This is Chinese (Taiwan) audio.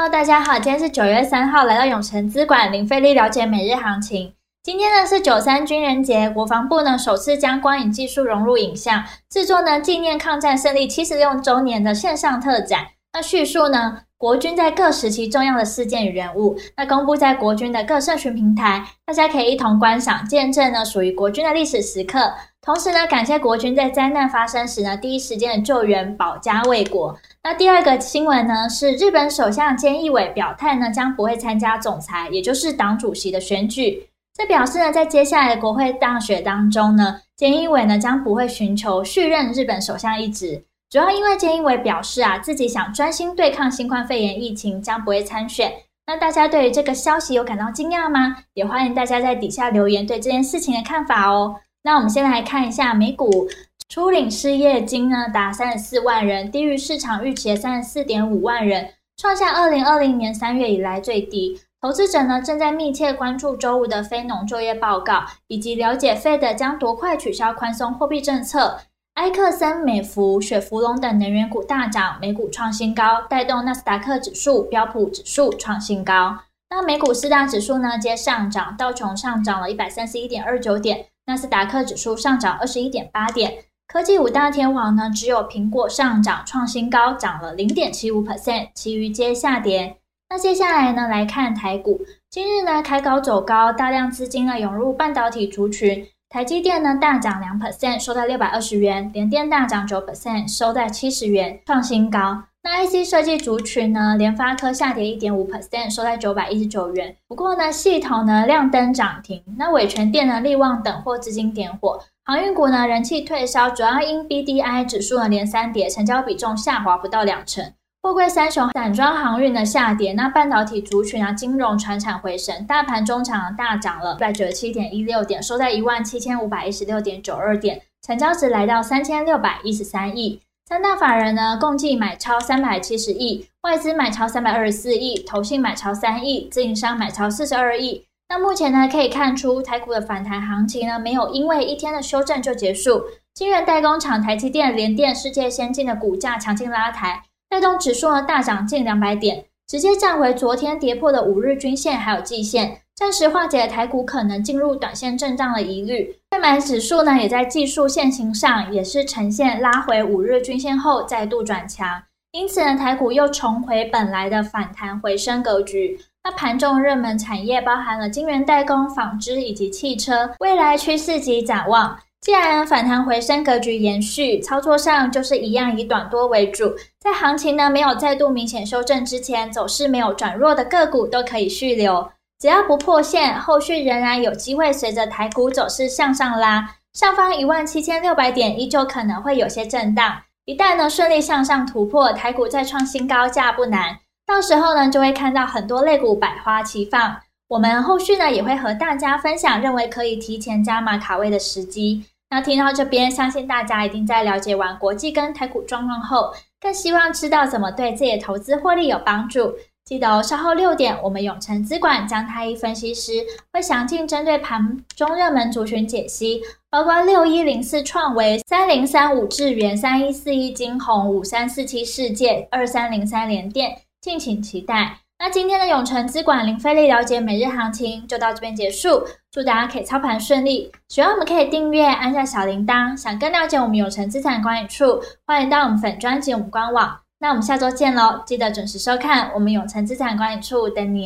Hello, 大家好，今天是九月三號，來到永誠資管，零費力了解每日行情。今天呢是九三軍人節，國防部呢首次將光影技術融入影像制作呢紀念抗戰勝利七十六周年的線上特展。那敘述呢，國軍在各時期重要的事件與人物，那公布在國軍的各社群平台，大家可以一同觀賞見證呢屬於國軍的歷史時刻。同時呢，感謝國軍在災難發生時呢第一時間的救援，保家衛國。那第二個新聞呢，是日本首相菅義偉表態呢將不會參加總裁，也就是黨主席的選舉。這表示呢，在接下來的國會大選當中呢，菅義偉呢將不會尋求續任日本首相一職。主要因為菅義偉表示啊，自己想專心對抗新冠肺炎疫情，將不會參選。那大家對於這個消息有感到驚訝嗎？也歡迎大家在底下留言對這件事情的看法哦。那我們先來看一下美股，初領失業金呢達三十四萬人，低於市場預期的三十四點五萬人，創下二零二零年三月以來最低。投資者呢正在密切關注周五的非農就業報告，以及了解 Fed 將多快取消寬鬆貨幣政策。埃克森美孚、雪佛龍等能源股大漲，美股創新高，帶動納斯達克指數、標普指數創新高。那美股四大指數呢皆上漲，道瓊上漲了131.29點，納斯達克指數上漲21.8點。科技五大天王呢只有蘋果上漲創新高，漲了0.75%，其餘皆下跌。那接下來呢來看台股，今日呢開高走高，大量資金呢湧入半導體族群。台積電呢大漲兩 percent，收在六百二十元；聯電大漲九 percent，收在七十元，創新高。那 IC 設計族群呢，聯發科下跌一點五 percent，收在九百一十九元。不過呢，系統呢亮燈漲停。那偉詮電呢，力旺等獲資金點火。航運股呢人氣退燒，主要因 BDI 指數呢連三跌，成交比重下滑不到兩成。貨櫃三雄、散裝航運的下跌，那半導體族群啊，金融、傳產回升，大盤中場大漲了，一百九十七點一六點，收在一萬七千五百一十六點九二點，成交值來到三千六百一十三億，三大法人呢，共計買超三百七十億，外資買超三百二十四億，投信買超三億，自營商買超四十二億。那目前呢，可以看出台股的反彈行情呢，沒有因為一天的修正就結束，晶圓代工廠、台積電、聯電、世界先進的股價強勁拉抬。帶動指數呢大漲近兩百點，直接站回昨天跌破的五日均線，還有季線，暫時化解了台股可能進入短線震盪的疑慮。櫃買指數呢也在技術線型上也是呈現拉回五日均線後再度轉強，因此呢台股又重回本來的反彈回升格局。那盤中熱門產業包含了晶圓代工、紡織以及汽車。未來趨勢及展望。既然反彈回升格局延續，操作上就是一樣以短多為主。在行情呢沒有再度明顯修正之前，走勢沒有轉弱的個股都可以續留，只要不破線，後續仍然有機會隨着台股走勢向上拉。上方一萬七千六百點依舊可能會有些震盪，一旦呢順利向上突破，台股再創新高並不難，到時候呢就會看到很多類股百花齊放。我們後續呢也會和大家分享認為可以提前加碼卡位的時機。那聽到這邊，相信大家一定在了解完國際跟台股狀況後，更希望知道怎麼對自己的投資獲利有幫助。記得、哦、稍後六點，我們永成資管江太一分析師會詳盡針對盤中熱門族群解析，包括六一零四創惟、三零三五智原、三一四一晶宏、五三四七世界、二三零三聯電，敬請期待。那今天的永誠資管零費力了解每日行情就到這邊結束，祝大家可以操盤順利，喜歡我們可以訂閱按下小鈴鐺，想更了解我們永誠資產管理處，歡迎到我們粉專輯我們官網。那我們下周見嘍，記得準時收看我們永誠資產管理處等你。